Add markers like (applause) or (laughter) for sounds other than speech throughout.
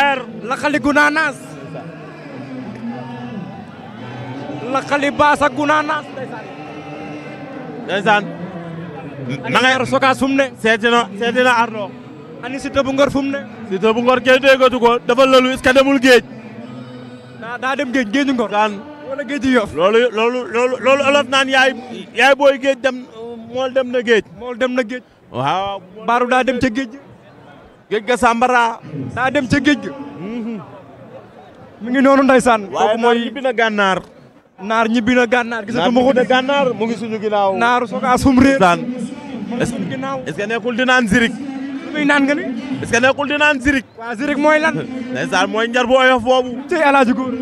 air lakali gunanas lakali basa gunanas ndeysaan ma ngay soka sumne seetina seetina arno ani Siteu bu Ngor fum ne Siteu bu Ngor géej ko dafa lalu iska demul geej demul da dem geej geej Ngor dan wala geej yof lolu lolu lolu loolu nan yaay yaay boy geej dem mol dem na geej mol dem na geej waaw baru da dem ci geej géej ga sambara daa dem ca géej mhm. mi ngi noonu ndeysaan kooku mooy ñibbi na gànnaar naar ñibbi na gànnaar gisatu ma ko de gànnaar mu ngi naar soga sum réer est-ce que nekkul di naan zirik muy naan nga ni est-ce que nekkul di naan zirik waaw zirik mooy lan (laughs) mooy njar bu ci alaaji góor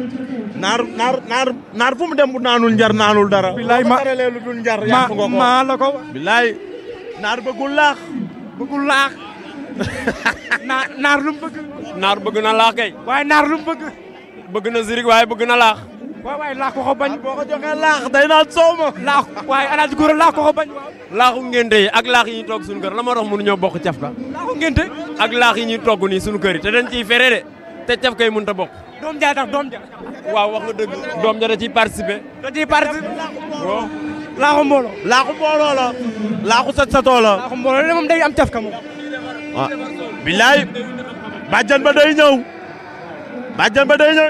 naar naar naar naar fu mu dem bu naanul njar naanul dara bilaay ma maa la bilaay naar bëggul laax bëggul laax naar naar lu mu bëgg. naar bëgg na laax kay. waaye naar lu mu bëgg. bëgg na zirik waaye bëgg na laax. waaw waaye laax ko ko bañ. boo ko laax day naa soow ma. laax waaye alaaji góor laax ko ko bañ. laaxu ngénte yi ak laax yi ñu toog suñu kër la ma tax mënuñoo bokk cafka. laaxu ngénte. ak laax yi ñuy togg nii suñu kër yi te dañ ciy fere te cafka yi mënut a bokk. doom jaay tax doom ja. waaw wax nga dëgg doom ja da ciy participer. da ciy participer. waaw. laaxu mbooloo. laaxu mbooloo la. laaxu sa satoo la. la am cafka waaw ah, billaay bàjjan ba day ñëw bàjjan ba day ñëw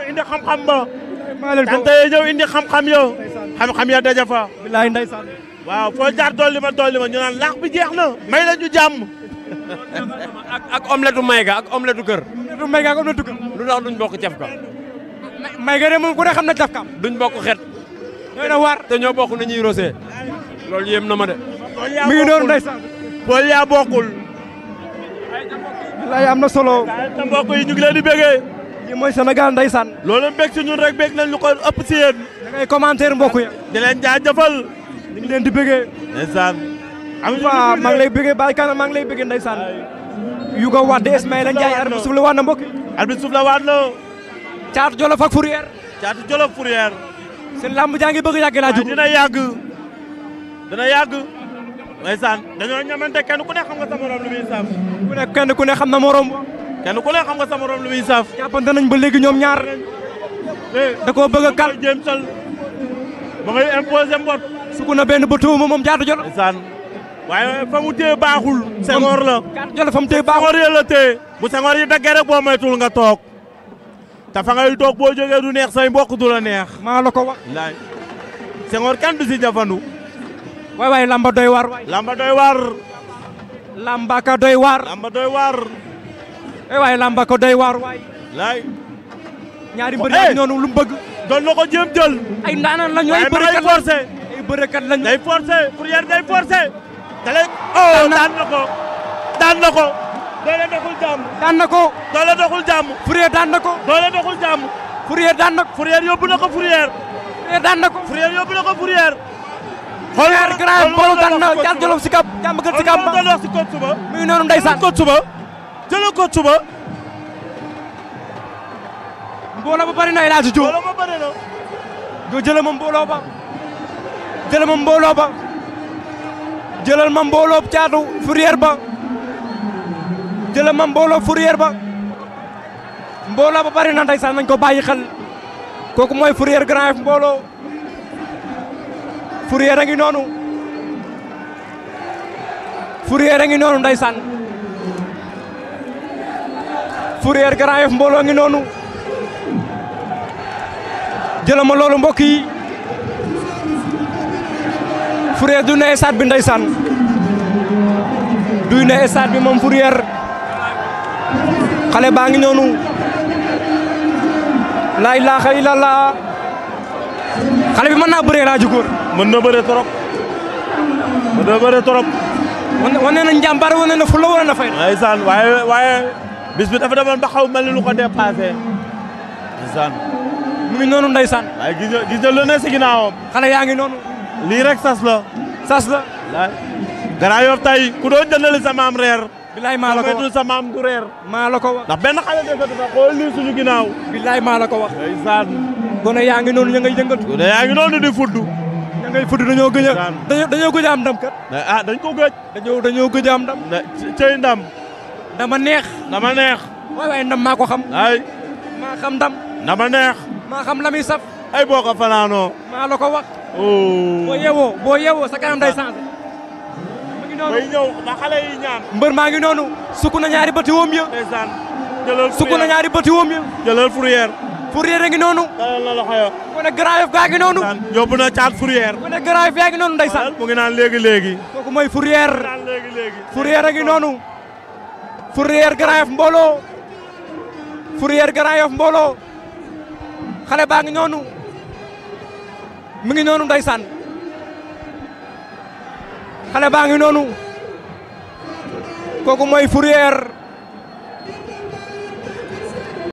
ba tante yi ñëw indi xam-xam yo xam-xam ya daja fa waaw foo jaar dolli ma dolli ma ñu naan laax bi jeex na may la ñu jàmm ak ak omelette mayga ak omelette kër omelette mayga ak omelette kër lu tax duñ bokk caf ka mayga de moom ku ne xam na caf kam duñ bokk xet ñooy na waar te ñoo bokk na ñuy rosé loolu yéem na ma de mi ngi doon ndeysaan bool yaa bokkul lay am na solo. te mbokk yi ñu ngi leen di bégee. lii mooy Sénégal ndeysaan. loolu bég si ñun rek bég nañ lu ko ëpp si yéen. da ngay commentaire mbokk yi. di leen jaajëfal. ñu ngi leen di bégee. ndeysaan. am na maa ngi lay bégee Baye Kane maa ngi lay bégee ndeysaan. yu ko Ismaïla ak lamb bëgg dina dina ndeysaan dañoo ñamante kenn ku ne xam nga sa morom lu muy saaf. ku ne kenn ku ne xam na morom. kenn ku ne xam nga sa morom lu muy saaf. jàppante nañ ba léegi ñoom ñaar. Eh, da koo bëgg a kal jéem sal ba ngay imposé mbot. na benn ba moom jaatu jot. ndeysaan waaye fa mu téye baaxul. sengoor la jaatu jot fa mu téye baaxul. sengoor la téye bu sengoor yi daggee rek boo moytul nga toog. te fa toog boo jógee du neex say mbokk du la neex. maa la ko wax. laay sengoor kenn du si jafandu. waay waay lamba doy waar. lamba doy ka doy waar. Eh, ñaari mbër yi eh! noonu lu mu bëgg. jéem jël. ay ndaanaan la ñooy bërëkat forcé. ay bërëkat lañu. day forcé Fourrière day forcé. dale oh daan na ko. daan na ko. daan na ko. doole doxul jàmm. Fourrière daan na ko. yóbbu na ko Fourrière. daan na ko. yóbbu na ko xoolal grand bolo daan na jaar jolof si kap jàmm gën si kap ma loolu si kot suba muy noonu ndeysaan kot suba jëlal kot suba mbooloo ba bëri na El Hadj Diouf mbooloo ba bëri na nga jëlal ma mbooloo ba jëlal ma mbooloo ba jëlal ma mbooloo caatu fourrière ba jëlal ma mbooloo fourrière ba mbooloo ba bëri na ndeysaan nañ ko bàyyi xel kooku mooy fourrière grand F mbooloo Fourrière a ngi noonu Fourrière a ngi noonu ndeysaan Fourrière Grand Yoff mbooloo ngi noonu jëlama loolu mbokk yi Fourrière du ne stade bi ndeysaan du ne stade bi moom Fourrière xale baa ngi noonu laa ilaaha illallah xale bi mën naa bëree laa ko mën na bëre trop mën na bëre trop. wane na njàmbaar wane na fulla wane na fay. ndeysaan waaye waaye bis bi dafa demoon ba xaw mel ni lu ko dépassé. ndeysaan. mu ngi noonu ndeysaan. waaye gis nga gis nga lu ne si ginnaawam. xale yaa ngi noonu. lii bilai sas la. sas la. Grand Yoff tay ku doon jëndali sa maam reer. bilai maa la ko wax sa maam du reer. maa la ko wax ndax benn xale dëgg dafa xool lii suñu ginnaaw. bilaay maa la ko wax. ndeysaan. gone yaa ngi noonu di fuddu. ña ngay fudd dañoo gëj a dañoo gëj a am ndam kat. ah dañ ko gëj. dañoo dañoo gëj a am ndam. cey ndam. dama neex. dama neex. waay waay ndam maa ko xam. ay maa xam ndam. dama neex. maa xam la muy saf. ay boo ko fanaanoo. maa la wax. boo yeewoo boo yeewoo sa kanam day changé. ñëw ba xale yi ñaan. mbër maa ngi noonu. sukk na ñaari bati woom ya. sukk na ñaari bati woom ya. jëlal fourrière. Fourier a ngi noonu. dalal na loxo ya. mu ne Grand Yoff gaa ngi noonu. yóbbu na caat Fourier. mu ne Grand Yoff mu ngi naan léegi léegi. kooku mooy Fourier. Fourier a ngi noonu. Fourier Grand Yoff mbooloo. Fourier Grand mbooloo. xale baa ngi noonu. mu ngi noonu ndeysaan. xale baa ngi noonu. kooku mooy Fourier.